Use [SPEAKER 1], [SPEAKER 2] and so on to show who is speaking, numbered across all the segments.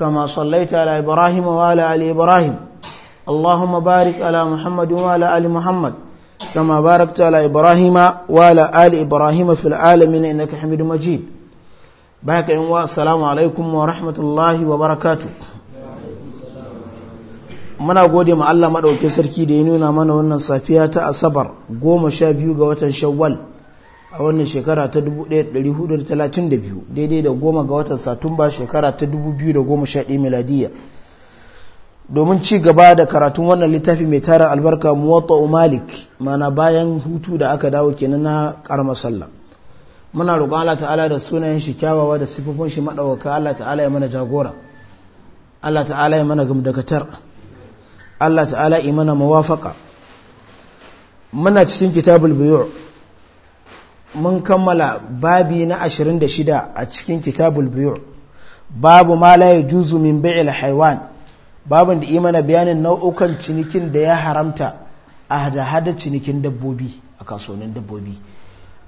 [SPEAKER 1] كما صليت على إبراهيم وعلى آل إبراهيم اللهم بارك على محمد وعلى آل محمد كما باركت على إبراهيم وعلى آل إبراهيم في العالمين إنك حميد مجيد بارك السلام عليكم ورحمة الله وبركاته muna gode ma Allah maɗauki sarki da ya nuna mana wannan safiya ta asabar goma sha biyu ga watan shawwal a wannan shekara ta 1432 daidai da goma ga watan satumba shekara ta 2011 miladiya. domin ci gaba da karatun wannan littafi mai tara albarka muwatta malik mana bayan hutu da aka dawo kenan na karamar sallah muna roƙon Allah ta'ala da sunayen shi kyawawa da sifofin shi madawaka Allah ta'ala ya mana jagora Allah ta'ala ya mana gumdakatar Allah ta'ala ya mana mawafaka muna cikin kitabul buyu' mun kammala babi na 26 a cikin kitabul biyu babu ma la yajuzu min bai'il haywan babun da imana bayanin nau'ukan cinikin da ya haramta a hada-hada cinikin dabbobi a kasuwannin dabbobi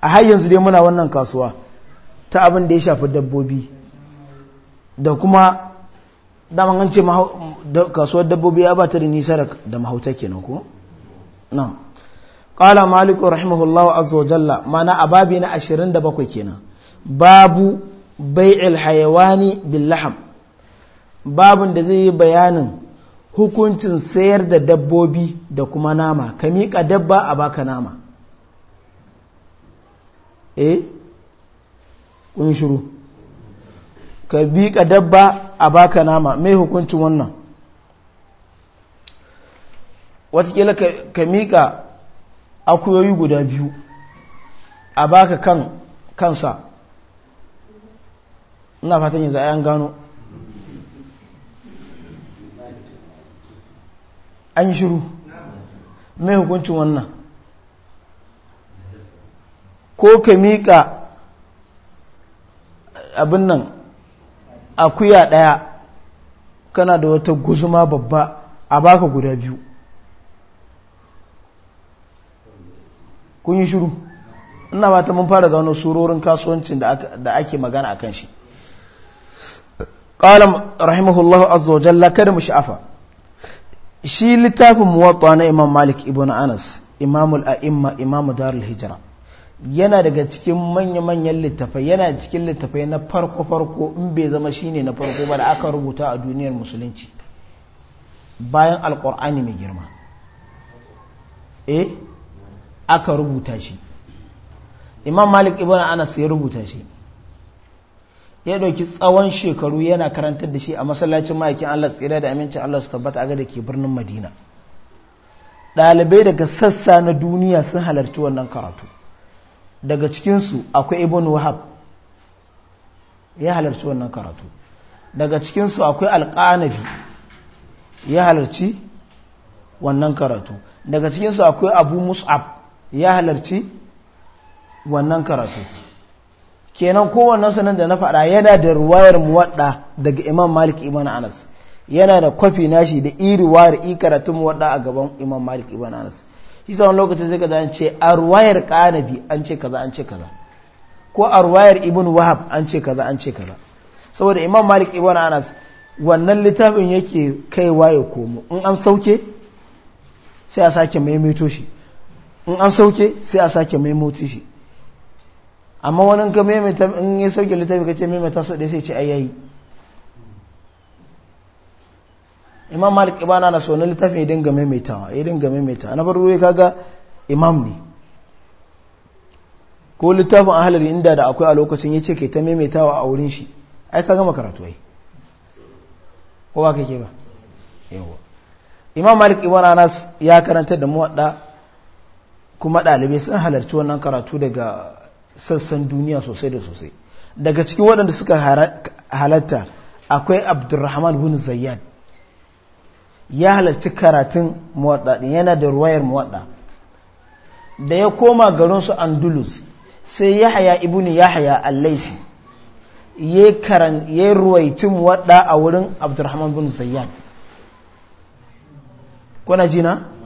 [SPEAKER 1] a har yanzu dai muna wannan kasuwa ta abin da ya shafi dabbobi da kuma daman an ce kasuwar dabbobi ya ba ta da nisa da mahauta kenan ko? nan qala maliku rahimahullahu azza wa jalla mana a babi na 27 kenan babu bai'il hayawani bin laham babun da zai yi bayanin hukuncin sayar da dabbobi da kuma nama ka miƙa dabba a baka nama eh kun shiru ka miƙa dabba a baka nama mai hukuncin wannan watakila ka miƙa akuyoyi guda biyu a baka kan kansa ina fatan yanzu an gano an yi shiru mai hukuncin wannan ko ka miƙa abin nan akuya ɗaya kana da wata guzuma babba a baka guda biyu kun yi shiru ina ba mun fara gano surorin kasuwancin da ake magana a kan shi ƙalam rahimahullahu azza wa jalla kada mu sha'afa shi littafin muwatta na imam malik ibn anas imamul a'imma imamu darul hijira yana daga cikin manya-manyan littafai yana cikin littafai na farko-farko in bai zama shi ne na farko ba da aka rubuta a duniyar musulunci bayan alkur'ani mai girma eh aka rubuta shi imam malik ibn anas ya rubuta shi ya ɗauki tsawon shekaru yana karantar da shi a masallacin ma'aikin allah tsira da amincin allah su tabbata a da ke birnin madina ɗalibai daga sassa na duniya sun halarci wannan karatu daga cikinsu akwai ibn wahab ya halarci wannan karatu daga cikinsu akwai alƙanabi ya halarci wannan karatu daga cikinsu akwai abu mus'ab ya halarci wannan karatu kenan kowannan sanin da na faɗa yana da ruwayar muwadda daga imam malik ibn anas yana da kwafi nashi da i ruwayar i karatun muwadda a gaban imam malik ibn anas shi sa wani lokacin sai kaza an ce a ruwayar kanabi an ce kaza an ce kaza ko a ruwayar ibn wahab an ce kaza an ce kaza saboda imam malik ibn anas wannan littafin yake kaiwa ya komo in an sauke sai a sake maimaito shi in an sauke sai a sake maimoti shi amma wani ka maimaita in ya sauke littafi ka ce maimaita so ɗaya sai ce ayayi imam malik ibana na so na littafi ya dinga maimaitawa ya dinga maimaita na faru ya kaga imam ne ko littafin ahalari inda da akwai a lokacin ya ce ke ta wa a wurin shi ai gama karatu ai ko ba ka ke ba yawa imam malik ibana na ya karanta da muwadda kuma ɗalibai sun halarci wannan karatu daga sassan duniya sosai da sosai daga cikin waɗanda suka halarta akwai abdurrahman bin zayyad ya halarci karatun muwadda yana da ruwayar muwadda da ya koma garinsu andulus sai yahaya ibnu yahaya allaifi ya karan ya ruwaiti muwadda a wurin abdurrahman bin zayyad kuna jina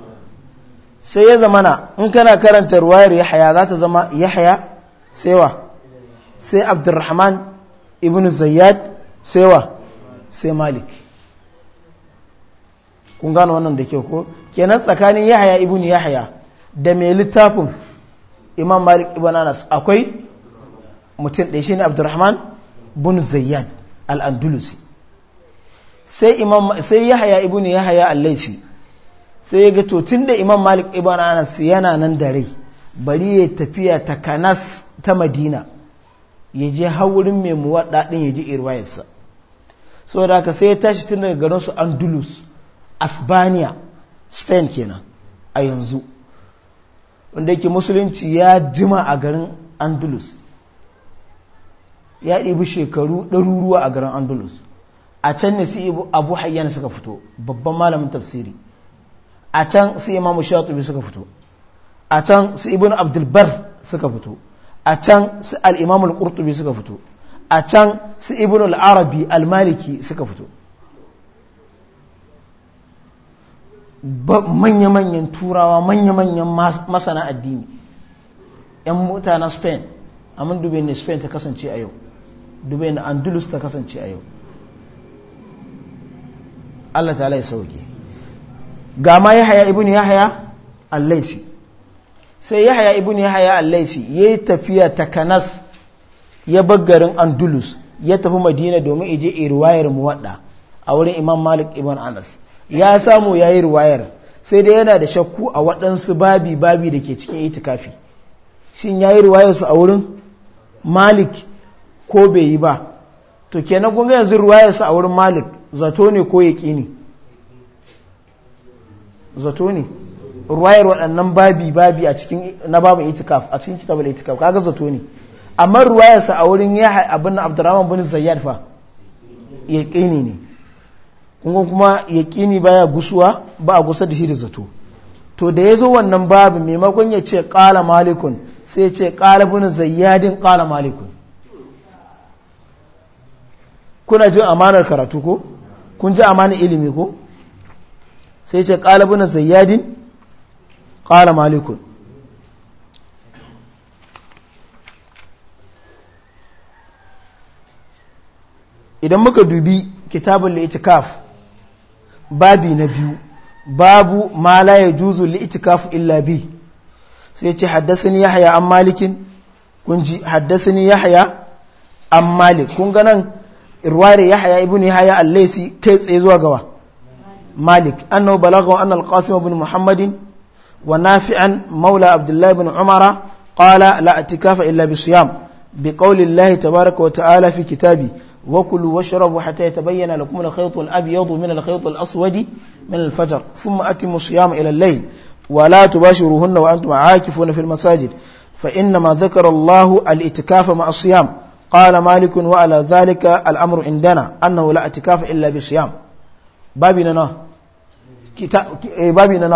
[SPEAKER 1] sai ya zamana in kana karanta ruwayar yahya za ta zama yahya saiwa sai abdurrahman ibn zayyad saiwa sai malik kun gano wannan da ke ko kenan tsakanin yahya ibn yahya da mai littafin imam malik ibn anas akwai mutum ɗaya ne abdurrahman ibn zayyad al-andalusi sai sai yahya ibn yahya al-laifi sai ya ga tun da imam malik ibn anas yana nan da rai bari ya tafiya ta kanas ta madina ya je haurin mai muwaɗa ɗin ya ji irwayarsa da aka sai ya tashi tun daga garinsu andulus asbaniya spain kenan a yanzu wanda yake musulunci ya jima a garin andulus ya ɗibi shekaru ɗaruruwa a garin andulus a can ne su abu hayyana suka fito babban malamin tafsiri a can su imamu shatubi suka fito a can su ibn abdulbar suka fito a can su al'imamul ƙurtubi suka fito a can su ibn al'arabi al-maliki suka fito manya-manyan turawa manya-manyan masana addini ‘yan mutanen spain amma dubai ne spain ta kasance a yau dubai na andalus ta kasance a yau Allah ta ya sauke ga ma haya ibini ya haya allaisi sai ya haya yahaya ya haya allaisi ya yi tafiya ta kanas ya bar garin andulus ya tafi madina domin ije irwayar muwadda a wurin imam malik ibn anas ya samu ya yi riwayar sai dai yana da shakku a waɗansu babi babi da ke cikin itikafi shin ya yi ruwayarsu a wurin malik ko bai yi ba to kenan kun yanzu ruwayarsu a wurin malik zato ne ko ƙini zato ne ruwayar waɗannan babi babi a cikin na babu itikaf a cikin kitabul itikaf kaga zato ne amma ruwayarsa a wurin ya abin abdurrahman bin zayyad fa yaqini ne kuma kuma yaqini baya gusuwa ba a gusa da shi da zato to da yazo wannan babu maimakon ya ce qala malikun sai ya ce qala bin zayyadin qala malikun kuna jin amanar karatu ko kun ji amanar ilimi ko sai ce ƙala bin zayyadin ƙala malikun idan muka dubi kitabun laitikaf babi na biyu babu ma la ya juzu laitikaf illa bi sai ce haddasani haya an malikin kun ji ya haya an malik kun ganan irware yahya haya allai allaisi kai tsaye zuwa gawa مالك أنه بلغه أن القاسم بن محمد ونافعا مولى عبد الله بن عمر قال لا اعتكاف إلا بصيام بقول الله تبارك وتعالى في كتابه وكلوا واشربوا حتى يتبين لكم الخيط الأبيض من الخيط الأسود من الفجر ثم أتموا الصيام إلى الليل ولا تباشروهن وأنتم عاكفون في المساجد فإنما ذكر الله الاتكاف مع الصيام قال مالك وعلى ذلك الأمر عندنا أنه لا اتكاف إلا بصيام babi na na eh, babi na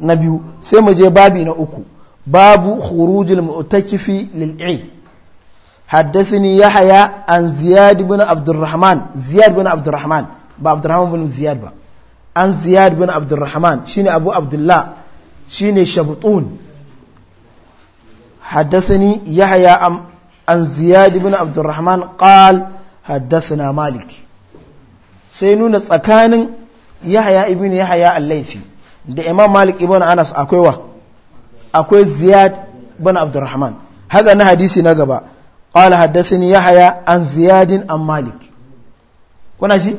[SPEAKER 1] na biyu sai muje je uku babu khurujil mu'takifi lil eid haddathani yahya an ziyad ibn abdurrahman ziyad ibn abdurrahman ba abdurrahman ibn ziyad ba an ziyad ibn abdurrahman shine abu abdullah shine shabtun haddathani yahya an ziyad ibn abdurrahman qala haddathana maliki sai nuna tsakanin yahaya ibn yahaya al-laifi da imam malik ibn anas akwai wa akwai ziyad ibn abdurrahman haka na hadisi na gaba qala haddathani yahaya an ziyadin an malik kuna ji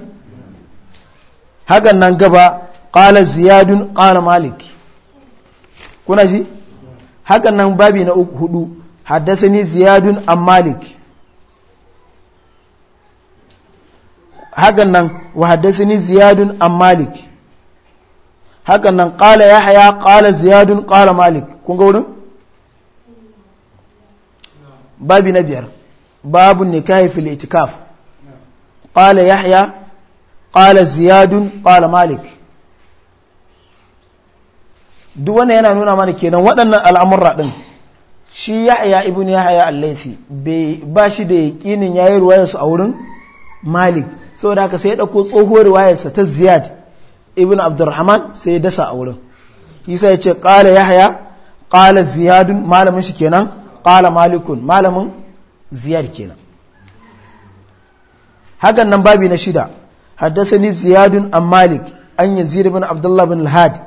[SPEAKER 1] haka nan gaba qala ziyadun qala malik kuna ji haka nan babi na hudu haddathani ziyadun an malik hakan nan wa ziyadun an malik hakan nan qala yahya qala ziyadun qala malik kun ga wurin babi na biyar babu nikahi fil itikaf qala yahya qala ziyadun qala malik duk wannan yana nuna mana kenan waɗannan al'amurra din shi yahya ibn yahya al-laythi ba shi da yaqinin yayi ruwayarsu a wurin malik saboda haka sai ya ɗauko tsohuwar wayarsa ta ziyad ibn abdurrahman sai ya dasa a wurin isa ya ce ƙala haya ƙala ziyadun malamin shi kenan ƙala malikun malamin ziyad kenan hakan nan babi na shida ni ziyadun an malik an yazid bin abdullah bin lahad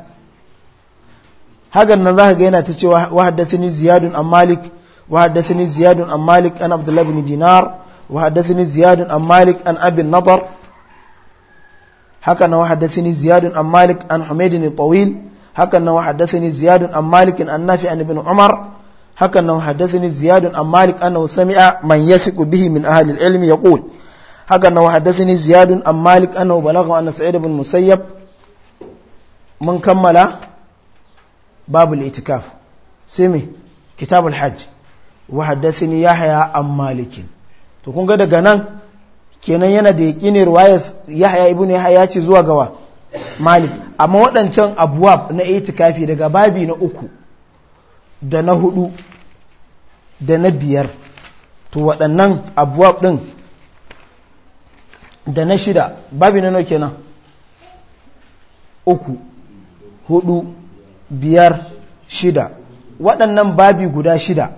[SPEAKER 1] hakan nan za ka gaina ta ce wa ni ziyadun an malik wa ni ziyadun an malik an abdullah bin dinar وحدثني زياد عن مالك عن أبي النضر حكنا وحدثني زياد عن مالك عن حميد الطويل حكنا وحدثني زياد عن مالك عن نافع عن ابن عمر حكنا وحدثني زياد عن مالك أنه سمع من يثق به من أهل العلم يقول حكنا وحدثني زياد عن مالك أنه بلغ أن سعيد بن مسيب من كمل باب الاعتكاف سمي كتاب الحج وحدثني يحيى عن مالك to kun ga daga nan kenan yana da yaƙinin ruwayas yahya ibn yahya ce zuwa gawa malik amma waɗancan abuwab na itikafi daga babi na uku da na hudu da na biyar to waɗannan abuwab ɗin da na shida babi na nau kenan uku hudu biyar shida waɗannan babi guda shida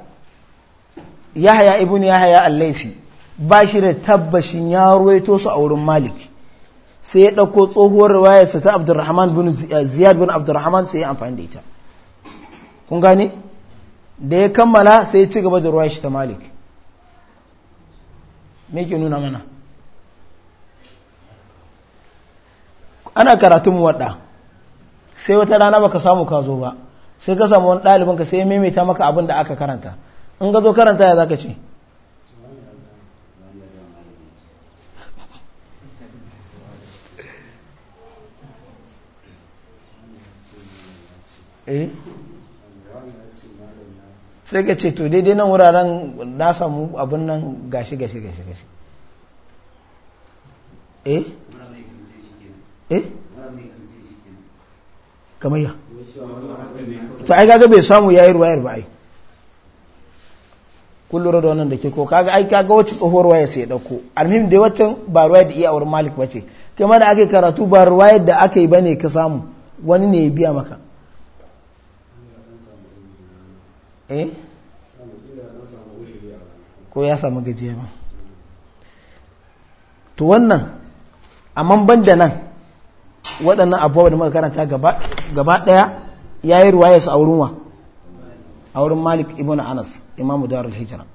[SPEAKER 1] yahaya ibn yahaya al-laifi ba shi da tabbashin ya ruwaito su a wurin malik sai ya ɗauko tsohuwar sa ta abdurrahman bin eh, ziyar bin abdurrahman sai ya amfani da ita kun gane da ya kammala sai ya ci gaba da ruwa shi ta malik me ke nuna mana ana karatun wadda sai wata rana baka samu ka zo ba sai ka samu wani ɗalibanka sai ya maimaita maka abin da aka karanta in ka zo karanta ya zaka ce Eh? sai ka ce to daidai nan wuraren na samu abin nan gashi gashi gashi gashi eh eh kamar ya to ai kaga bai samu yayi ruwayar ba ai kullu rado da da ke ko kaga ai kaga wacce tsohuwar waya sai dauko almin da wacce ba ruwaya da iyawar malik bace kai ma da ake karatu ba ruwaya da aka yi bane ka samu wani ne ya biya maka Eh? ko ya samu gajiya ba to wannan amma ban da nan waɗannan abubuwa da muka karanta gaba ɗaya ya yi ruwayarsa a wurin wa a wurin malik ibn anas imamu darul hijira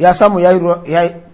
[SPEAKER 1] ya samu ya